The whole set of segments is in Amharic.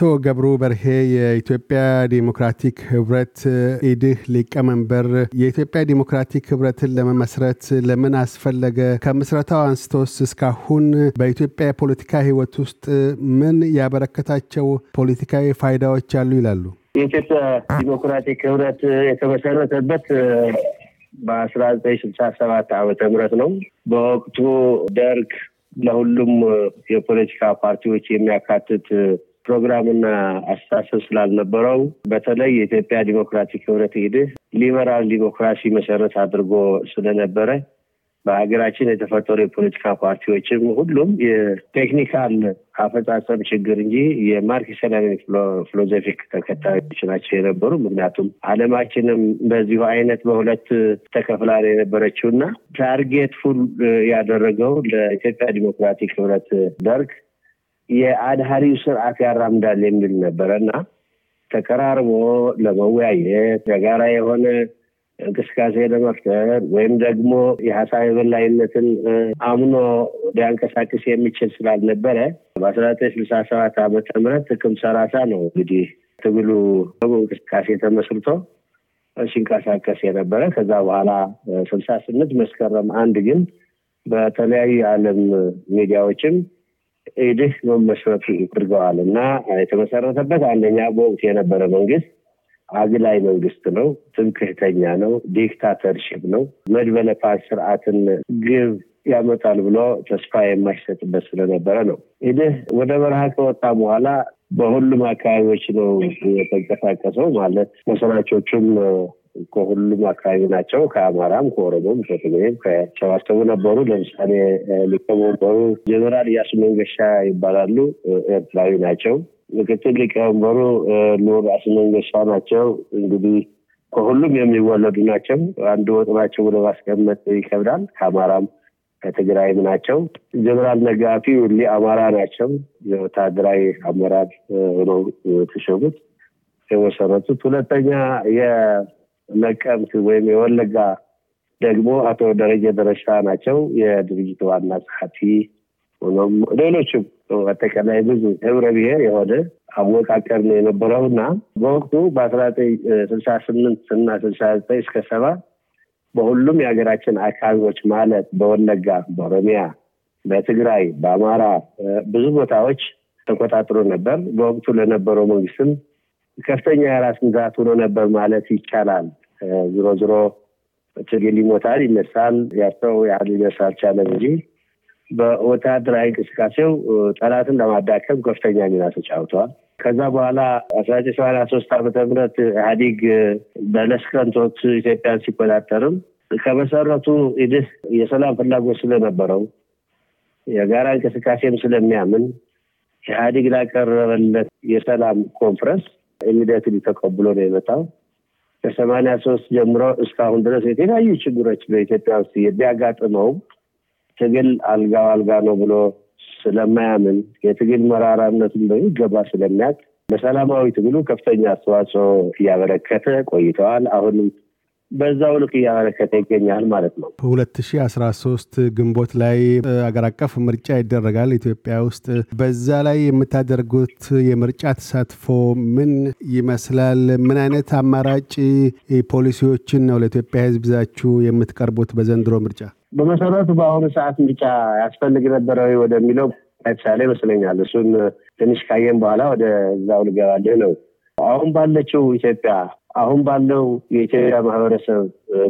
አቶ ገብሩ በርሄ የኢትዮጵያ ዲሞክራቲክ ህብረት ኢድህ ሊቀመንበር፣ የኢትዮጵያ ዲሞክራቲክ ህብረትን ለመመስረት ለምን አስፈለገ? ከምስረታው አንስቶስ እስካሁን በኢትዮጵያ የፖለቲካ ህይወት ውስጥ ምን ያበረከታቸው ፖለቲካዊ ፋይዳዎች አሉ ይላሉ? የኢትዮጵያ ዲሞክራቲክ ህብረት የተመሰረተበት በአስራ ዘጠኝ ስልሳ ሰባት ዓመተ ምህረት ነው። በወቅቱ ደርግ ለሁሉም የፖለቲካ ፓርቲዎች የሚያካትት ፕሮግራምና አስተሳሰብ ስላልነበረው በተለይ የኢትዮጵያ ዲሞክራቲክ ህብረት ሂድህ ሊበራል ዲሞክራሲ መሰረት አድርጎ ስለነበረ በሀገራችን የተፈጠሩ የፖለቲካ ፓርቲዎችም ሁሉም የቴክኒካል አፈጻጸም ችግር እንጂ የማርክስ ፊሎዞፊክ ተከታዮች ናቸው የነበሩ። ምክንያቱም ዓለማችንም በዚሁ አይነት በሁለት ተከፍላ የነበረችው እና ታርጌት ፉል ያደረገው ለኢትዮጵያ ዲሞክራቲክ ህብረት ደርግ የአድሃሪው ስርዓት ያራምዳል የሚል ነበረ እና ተቀራርቦ ለመወያየት የጋራ የሆነ እንቅስቃሴ ለመፍጠር ወይም ደግሞ የሀሳብ የበላይነትን አምኖ ሊያንቀሳቅስ የሚችል ስላልነበረ በአስራ ዘጠኝ ስልሳ ሰባት ዓመተ ምህረት ጥቅም ሰላሳ ነው እንግዲህ ትግሉ እንቅስቃሴ ተመስርቶ ሲንቀሳቀስ የነበረ ከዛ በኋላ ስልሳ ስምንት መስከረም አንድ ግን በተለያዩ የዓለም ሚዲያዎችም ኢድህ መመስረቱ አድርገዋል እና የተመሰረተበት አንደኛ በወቅት የነበረ መንግስት አግላይ መንግስት ነው፣ ትምክህተኛ ነው፣ ዲክታተርሽፕ ነው፣ መድበለ ፓስ ስርዓትን ግብ ያመጣል ብሎ ተስፋ የማይሰጥበት ስለነበረ ነው። ኢድህ ወደ በረሃ ከወጣ በኋላ በሁሉም አካባቢዎች ነው የተንቀሳቀሰው ማለት መሰናቾቹም ከሁሉም አካባቢ ናቸው። ከአማራም፣ ከኦሮሞም፣ ከትግሬም ከሸዋስተቡ ነበሩ። ለምሳሌ ሊቀመንበሩ ጀኔራል እያሱ መንገሻ ይባላሉ። ኤርትራዊ ናቸው። ምክትል ሊቀመንበሩ ኑር መንገሻ ናቸው። እንግዲህ ከሁሉም የሚወለዱ ናቸው። አንድ ወጥናቸው ናቸው ብሎ ማስቀመጥ ይከብዳል። ከአማራም ከትግራይም ናቸው። ጀነራል ነጋፊ ሁሌ አማራ ናቸው። የወታደራዊ አመራር ሆነው የተሸጉት የመሰረቱት ሁለተኛ ነቀምት ወይም የወለጋ ደግሞ አቶ ደረጀ ደረሻ ናቸው የድርጅቱ ዋና ጸሐፊ ሆኖም ሌሎችም አጠቃላይ ብዙ ህብረ ብሔር የሆነ አወቃቀር ነው የነበረው እና በወቅቱ በአስራ ዘጠኝ ስልሳ ስምንት እና ስልሳ ዘጠኝ እስከ ሰባ በሁሉም የሀገራችን አካባቢዎች ማለት በወለጋ፣ በኦሮሚያ፣ በትግራይ፣ በአማራ ብዙ ቦታዎች ተቆጣጥሮ ነበር። በወቅቱ ለነበረው መንግስትም ከፍተኛ የራስ ምዛት ሆኖ ነበር ማለት ይቻላል። ዝሮ ዞሮ ትግል ይሞታል፣ ይነሳል። ያሰው ያህል ሊነሳ አልቻለም እንጂ በወታደራዊ እንቅስቃሴው ጠላትን ለማዳከም ከፍተኛ ሚና ተጫውተዋል። ከዛ በኋላ አስራ ዘጠኝ ሰባ ሶስት ዓመተ ምህረት ኢህአዲግ በለስከንቶት ኢትዮጵያን ሲቆጣጠርም ከመሰረቱ ኢድህ የሰላም ፍላጎት ስለነበረው የጋራ እንቅስቃሴም ስለሚያምን ኢህአዲግ ላቀረበለት የሰላም ኮንፍረንስ ኢሚዲየትሊ ተቀብሎ ነው የመጣው። ከሰማኒያ ሶስት ጀምሮ እስካሁን ድረስ የተለያዩ ችግሮች በኢትዮጵያ ውስጥ ቢያጋጥመው ትግል አልጋ አልጋ ነው ብሎ ስለማያምን የትግል መራራነትን በሚገባ ስለሚያውቅ ለሰላማዊ ትግሉ ከፍተኛ አስተዋጽኦ እያበረከተ ቆይተዋል። አሁንም በዛው ልክ እያመለከተ ይገኛል ማለት ነው። 1ሶስት ግንቦት ላይ አገር አቀፍ ምርጫ ይደረጋል ኢትዮጵያ ውስጥ። በዛ ላይ የምታደርጉት የምርጫ ተሳትፎ ምን ይመስላል? ምን አይነት አማራጭ ፖሊሲዎችን ነው ለኢትዮጵያ ሕዝብ ይዛችሁ የምትቀርቡት በዘንድሮ ምርጫ? በመሰረቱ በአሁኑ ሰዓት ምርጫ ያስፈልግ ነበረ ወደሚለው ለምሳሌ ይመስለኛል። እሱን ትንሽ ካየን በኋላ ወደዛው ልገባልህ ነው። አሁን ባለችው ኢትዮጵያ አሁን ባለው የኢትዮጵያ ማህበረሰብ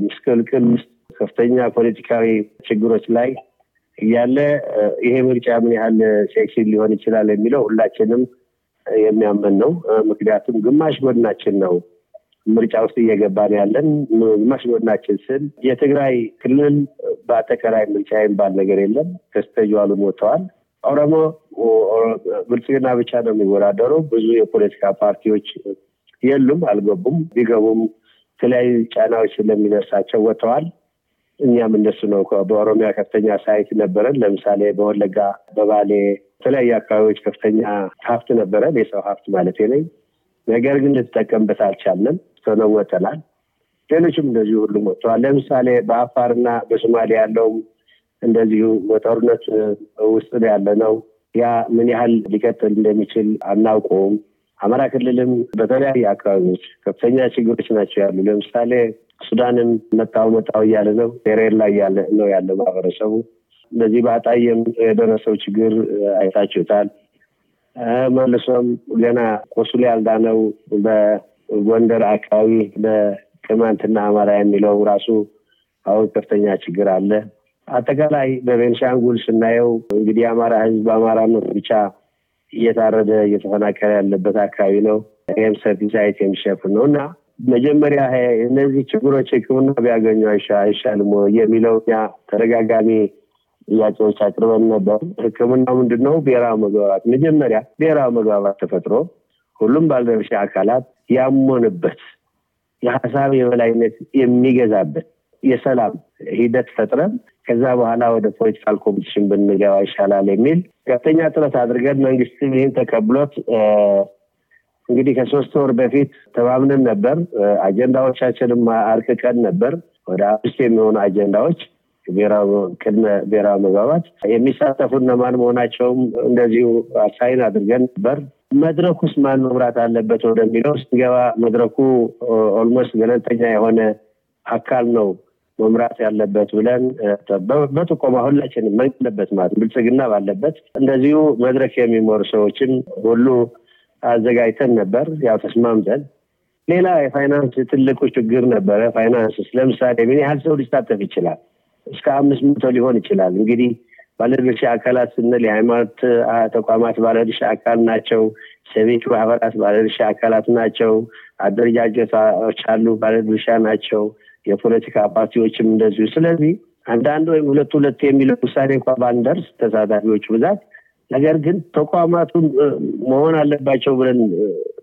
ምስቅልቅል ውስጥ ከፍተኛ ፖለቲካዊ ችግሮች ላይ እያለ ይሄ ምርጫ ምን ያህል ሴክሲን ሊሆን ይችላል የሚለው ሁላችንም የሚያመን ነው። ምክንያቱም ግማሽ ጎድናችን ነው ምርጫ ውስጥ እየገባን ያለን። ግማሽ ጎድናችን ስል የትግራይ ክልል በአጠቃላይ ምርጫ የሚባል ነገር የለም። ከስተጅዋሉ ሞተዋል። ኦሮሞ ብልጽግና ብቻ ነው የሚወዳደሩ ብዙ የፖለቲካ ፓርቲዎች የሉም፣ አልገቡም። ቢገቡም የተለያዩ ጫናዎች ስለሚደርሳቸው ወጥተዋል። እኛም እነሱ ነው። በኦሮሚያ ከፍተኛ ሳይት ነበረን። ለምሳሌ በወለጋ በባሌ የተለያዩ አካባቢዎች ከፍተኛ ሀብት ነበረን፣ የሰው ሀብት ማለት ነኝ። ነገር ግን ልትጠቀምበት አልቻለም። ቶሎ ወጥተናል። ሌሎችም እንደዚሁ ሁሉም ወጥተዋል። ለምሳሌ በአፋርና በሶማሌ ያለውም እንደዚሁ በጦርነት ውስጥ ያለ ነው። ያ ምን ያህል ሊቀጥል እንደሚችል አናውቀውም። አማራ ክልልም በተለያዩ አካባቢዎች ከፍተኛ ችግሮች ናቸው ያሉ። ለምሳሌ ሱዳንም መጣው መጣው እያለ ነው። ሬር ላይ ያለ ነው ያለ ማህበረሰቡ። በዚህ በአጣየም የደረሰው ችግር አይታችሁታል። መልሶም ገና ቆስሎ ያልዳነው በጎንደር አካባቢ በቅማንትና አማራ የሚለው ራሱ አሁን ከፍተኛ ችግር አለ። አጠቃላይ በቤንሻንጉል ስናየው እንግዲህ አማራ ህዝብ በአማራነት ብቻ እየታረደ እየተፈናቀለ ያለበት አካባቢ ነው። ይህም ሰፊ ሳይት የሚሸፍን ነው እና መጀመሪያ እነዚህ ችግሮች ሕክምና ቢያገኙ አይሻልም የሚለው እኛ ተደጋጋሚ ጥያቄዎች አቅርበን ነበር። ሕክምናው ምንድን ነው? ብሔራዊ መግባባት መጀመሪያ ብሔራዊ መግባባት ተፈጥሮ ሁሉም ባለድርሻ አካላት ያመኑበት የሀሳብ የበላይነት የሚገዛበት የሰላም ሂደት ፈጥረን ከዛ በኋላ ወደ ፖለቲካል ኮሚሽን ብንገባ ይሻላል የሚል ከፍተኛ ጥረት አድርገን መንግስት ይህን ተቀብሎት እንግዲህ ከሶስት ወር በፊት ተማምነን ነበር። አጀንዳዎቻችንም አርቅቀን ነበር። ወደ አምስት የሚሆኑ አጀንዳዎች ቅድመ ብሔራዊ መግባባት የሚሳተፉ እነማን መሆናቸውም እንደዚሁ አሳይን አድርገን ነበር። ውስጥ ማን መምራት አለበት ወደሚለው ስንገባ መድረኩ ኦልሞስት ገለልተኛ የሆነ አካል ነው መምራት ያለበት ብለን በጥቆማ ሁላችንም ባለበት ማለት ብልጽግና ባለበት እንደዚሁ መድረክ የሚመሩ ሰዎችን ሁሉ አዘጋጅተን ነበር ያው ተስማምተን ሌላ የፋይናንስ ትልቁ ችግር ነበረ። ፋይናንስ ለምሳሌ ምን ያህል ሰው ሊሳተፍ ይችላል? እስከ አምስት መቶ ሊሆን ይችላል። እንግዲህ ባለድርሻ አካላት ስንል የሃይማኖት ተቋማት ባለድርሻ አካል ናቸው። ሰቤች ማህበራት ባለድርሻ አካላት ናቸው። አደረጃጀቶች አሉ፣ ባለድርሻ ናቸው። የፖለቲካ ፓርቲዎችም እንደዚሁ። ስለዚህ አንዳንድ ወይም ሁለት ሁለት የሚለው ውሳኔ እንኳ ባንደርስ ተሳታፊዎቹ ብዛት ነገር ግን ተቋማቱ መሆን አለባቸው ብለን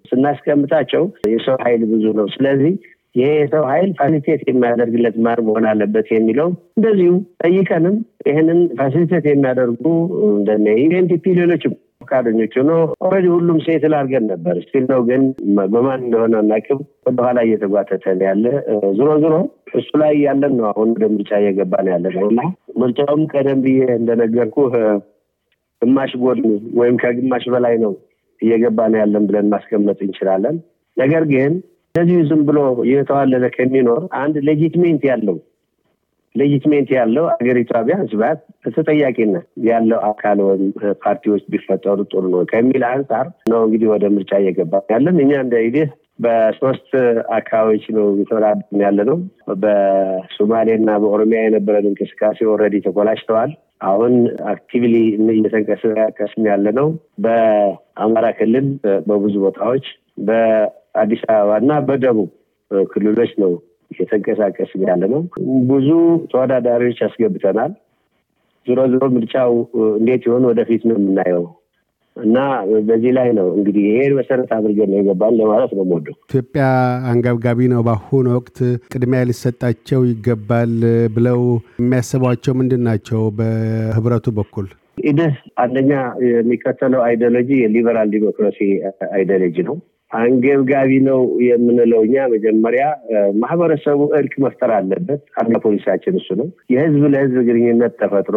ስናስቀምጣቸው የሰው ኃይል ብዙ ነው። ስለዚህ ይሄ የሰው ኃይል ፋሲሊቴት የሚያደርግለት ማር መሆን አለበት የሚለው እንደዚሁ ጠይቀንም ይህንን ፋሲሊቴት የሚያደርጉ እንደ ኢንቲፒ ሌሎችም ፈቃደኞች ሆኖ ኦልሬዲ ሁሉም ሴትል አድርገን ነበር። ስቲል ነው ግን በማን እንደሆነ አናውቅም። ወደኋላ እየተጓተተ ያለ ዝሮ ዝሮ እሱ ላይ ያለን ነው። አሁን ወደ ምርጫ እየገባ ነው ያለ ነው እና ምርጫውም ቀደም ብዬ እንደነገርኩ ግማሽ ጎን ወይም ከግማሽ በላይ ነው እየገባ ነው ያለን ብለን ማስቀመጥ እንችላለን። ነገር ግን እንደዚሁ ዝም ብሎ እየተዋለለ ከሚኖር አንድ ሌጂትሜንት ያለው ሌጂትሜንት ያለው አገሪቷ ቢያንስ ቢያንስ ተጠያቂነት ያለው አካል ወይም ፓርቲዎች ቢፈጠሩ ጥሩ ነው ከሚል አንጻር ነው እንግዲህ ወደ ምርጫ እየገባ ያለን እኛ እንደ ኢዴስ በሶስት አካባቢዎች ነው የተወዳደርን ያለ ነው። በሶማሌና በኦሮሚያ የነበረን እንቅስቃሴ ኦልሬዲ ተኮላሽተዋል። አሁን አክቲቪሊ እየተንቀሳቀስን ያለ ነው በአማራ ክልል በብዙ ቦታዎች፣ በአዲስ አበባ እና በደቡብ ክልሎች ነው እየተንቀሳቀስ ያለ ነው። ብዙ ተወዳዳሪዎች ያስገብተናል። ዞሮ ዞሮ ምርጫው እንዴት ይሆን ወደፊት ነው የምናየው እና በዚህ ላይ ነው እንግዲህ ይሄን መሰረት አድርገን ነው ይገባል ለማለት ነው ሞዶ ኢትዮጵያ አንገብጋቢ ነው በአሁኑ ወቅት ቅድሚያ ሊሰጣቸው ይገባል ብለው የሚያስቧቸው ምንድን ናቸው? በህብረቱ በኩል ኢደስ አንደኛ የሚከተለው አይዲዮሎጂ የሊበራል ዲሞክራሲ አይዲዮሎጂ ነው። አንገብጋቢ ነው የምንለው እኛ መጀመሪያ ማህበረሰቡ እርቅ መፍጠር አለበት። አንድ ፖሊሲያችን እሱ ነው። የህዝብ ለህዝብ ግንኙነት ተፈጥሮ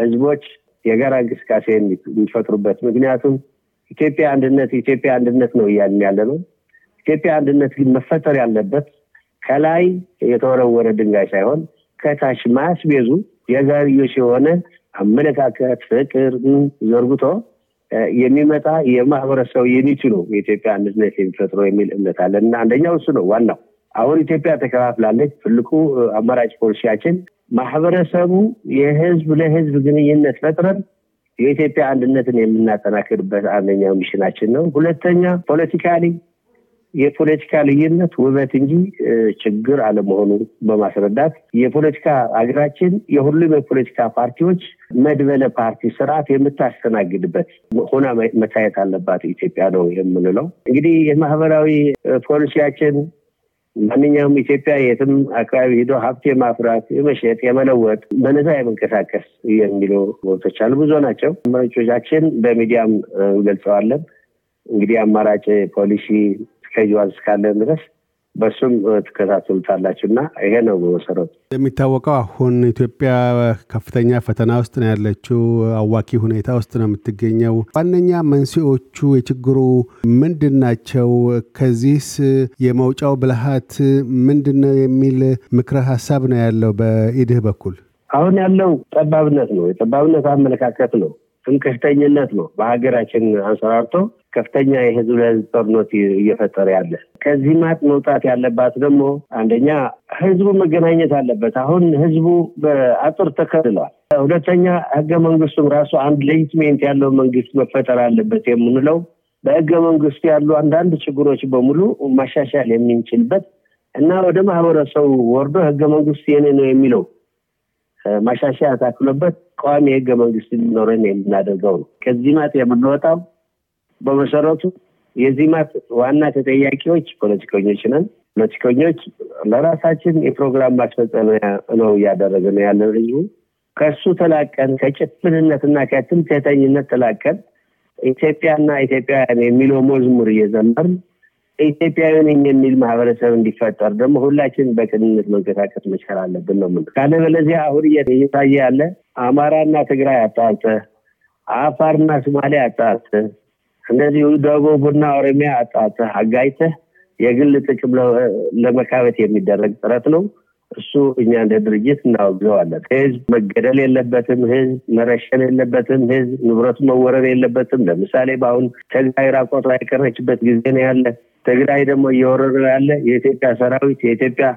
ህዝቦች የጋራ እንቅስቃሴ የሚፈጥሩበት ምክንያቱም ኢትዮጵያ አንድነት ኢትዮጵያ አንድነት ነው እያልን ያለ ነው። ኢትዮጵያ አንድነት ግን መፈጠር ያለበት ከላይ የተወረወረ ድንጋይ ሳይሆን ከታች ማስቤዙ የጋርዮሽ የሆነ አመለካከት ፍቅር ዘርግቶ የሚመጣ የማህበረሰብ ዩኒቲ ነው የኢትዮጵያ አንድነት የሚፈጥረው የሚል እምነት አለን እና አንደኛው እሱ ነው ዋናው። አሁን ኢትዮጵያ ተከፋፍላለች። ትልቁ አማራጭ ፖሊሲያችን ማህበረሰቡ የህዝብ ለህዝብ ግንኙነት ፈጥረን የኢትዮጵያ አንድነትን የምናጠናክርበት አንደኛው ሚሽናችን ነው። ሁለተኛ ፖለቲካሊ የፖለቲካ ልዩነት ውበት እንጂ ችግር አለመሆኑ በማስረዳት የፖለቲካ ሀገራችን የሁሉም የፖለቲካ ፓርቲዎች መድበለ ፓርቲ ስርዓት የምታስተናግድበት ሆና መታየት አለባት ኢትዮጵያ ነው የምንለው። እንግዲህ የማህበራዊ ፖሊሲያችን ማንኛውም ኢትዮጵያ የትም አካባቢ ሂዶ ሀብት የማፍራት የመሸጥ፣ የመለወጥ፣ በነዛ የመንቀሳቀስ የሚሉ ቦቶች አሉ። ብዙ ናቸው። መራጮቻችን በሚዲያም ገልጸዋለን። እንግዲህ አማራጭ ፖሊሲ እስከ ዩዋን እስካለን ድረስ በሱም ትከታተሉታላችሁ እና ይሄ ነው በመሰረቱ። እንደሚታወቀው አሁን ኢትዮጵያ ከፍተኛ ፈተና ውስጥ ነው ያለችው፣ አዋኪ ሁኔታ ውስጥ ነው የምትገኘው። ዋነኛ መንስኤዎቹ የችግሩ ምንድን ናቸው? ከዚህስ የመውጫው ብልሃት ምንድን ነው የሚል ምክረ ሀሳብ ነው ያለው በኢድህ በኩል። አሁን ያለው ጠባብነት ነው፣ የጠባብነት አመለካከት ነው፣ ትምክህተኝነት ነው በሀገራችን አንሰራርቶ ከፍተኛ የህዝብ ለህዝብ ጦርነት እየፈጠረ ያለ። ከዚህ ማጥ መውጣት ያለባት ደግሞ አንደኛ ህዝቡ መገናኘት አለበት። አሁን ህዝቡ በአጥር ተከልሏል። ሁለተኛ ህገ መንግስቱም ራሱ አንድ ሌጅትሜንት ያለው መንግስት መፈጠር አለበት የምንለው በህገ መንግስቱ ያሉ አንዳንድ ችግሮች በሙሉ ማሻሻል የሚንችልበት እና ወደ ማህበረሰቡ ወርዶ ህገ መንግስት የኔ ነው የሚለው ማሻሻያ ታክሎበት ቋሚ የህገ መንግስት ሊኖረን የምናደርገው ነው። ከዚህ ማጥ የምንወጣው በመሰረቱ የዚህ ማት ዋና ተጠያቂዎች ፖለቲከኞች ነን። ፖለቲከኞች ለራሳችን የፕሮግራም ማስፈጸሚያ ነው እያደረገ ነው ያለን ህዝቡ ከእሱ ተላቀን ከጭፍንነትና ከትምክህተኝነት ተላቀን ኢትዮጵያና ኢትዮጵያውያን የሚለው መዝሙር እየዘመርን ኢትዮጵያውያን የሚል ማህበረሰብ እንዲፈጠር ደግሞ ሁላችን በቅንነት መንቀሳቀስ መቻል አለብን ነው የምልህ። ካለበለዚያ አሁን እየታየ ያለ አማራና ትግራይ አጣርተህ፣ አፋርና ሶማሌ አጣርተህ፣ ስለዚህ ደቡብ ቡና ኦሮሚያ አጣተህ አጋይተ የግል ጥቅም ለመካበት የሚደረግ ጥረት ነው። እሱ እኛ እንደ ድርጅት እናወግዘዋለን። ህዝብ መገደል የለበትም፣ ህዝብ መረሸን የለበትም፣ ህዝብ ንብረቱ መወረር የለበትም። ለምሳሌ በአሁን ትግራይ ራቆቷ የቀረችበት ጊዜ ነው ያለ። ትግራይ ደግሞ እየወረረ ያለ የኢትዮጵያ ሰራዊት የኢትዮጵያ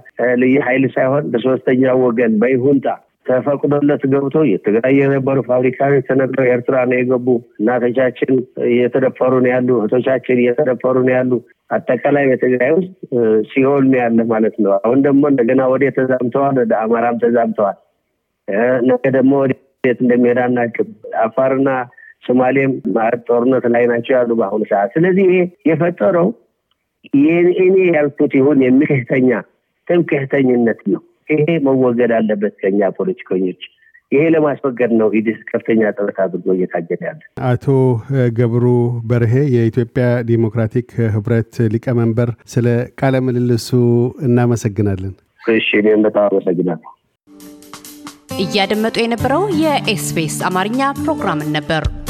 ልዩ ኃይል ሳይሆን በሶስተኛ ወገን በይሁንታ ተፈቅዶለት ገብቶ የትግራይ የነበሩ ፋብሪካዎች ተነቅለው ኤርትራ ነው የገቡ። እናቶቻችን እየተደፈሩ ነው ያሉ፣ እህቶቻችን እየተደፈሩ ነው ያሉ። አጠቃላይ በትግራይ ውስጥ ሲሆን ነው ያለ ማለት ነው። አሁን ደግሞ እንደገና ወደ ተዛምተዋል፣ ወደ አማራም ተዛምተዋል። ነገ ደግሞ ወዴት እንደሚሄድ አናውቅም። አፋርና ሶማሌም ጦርነት ላይ ናቸው ያሉ በአሁኑ ሰዓት። ስለዚህ ይሄ የፈጠረው እኔ ያልኩት ይሁን የምክህተኛ ትምክህተኝነት ነው። ይሄ መወገድ አለበት ከኛ ፖለቲከኞች። ይሄ ለማስወገድ ነው ኢዲስ ከፍተኛ ጥረት አድርጎ እየታገደ ያለ። አቶ ገብሩ በርሄ የኢትዮጵያ ዲሞክራቲክ ህብረት ሊቀመንበር፣ ስለ ቃለ ምልልሱ እናመሰግናለን። እሺ፣ እኔም በጣም አመሰግናለሁ። እያደመጡ የነበረው የኤስፔስ አማርኛ ፕሮግራምን ነበር።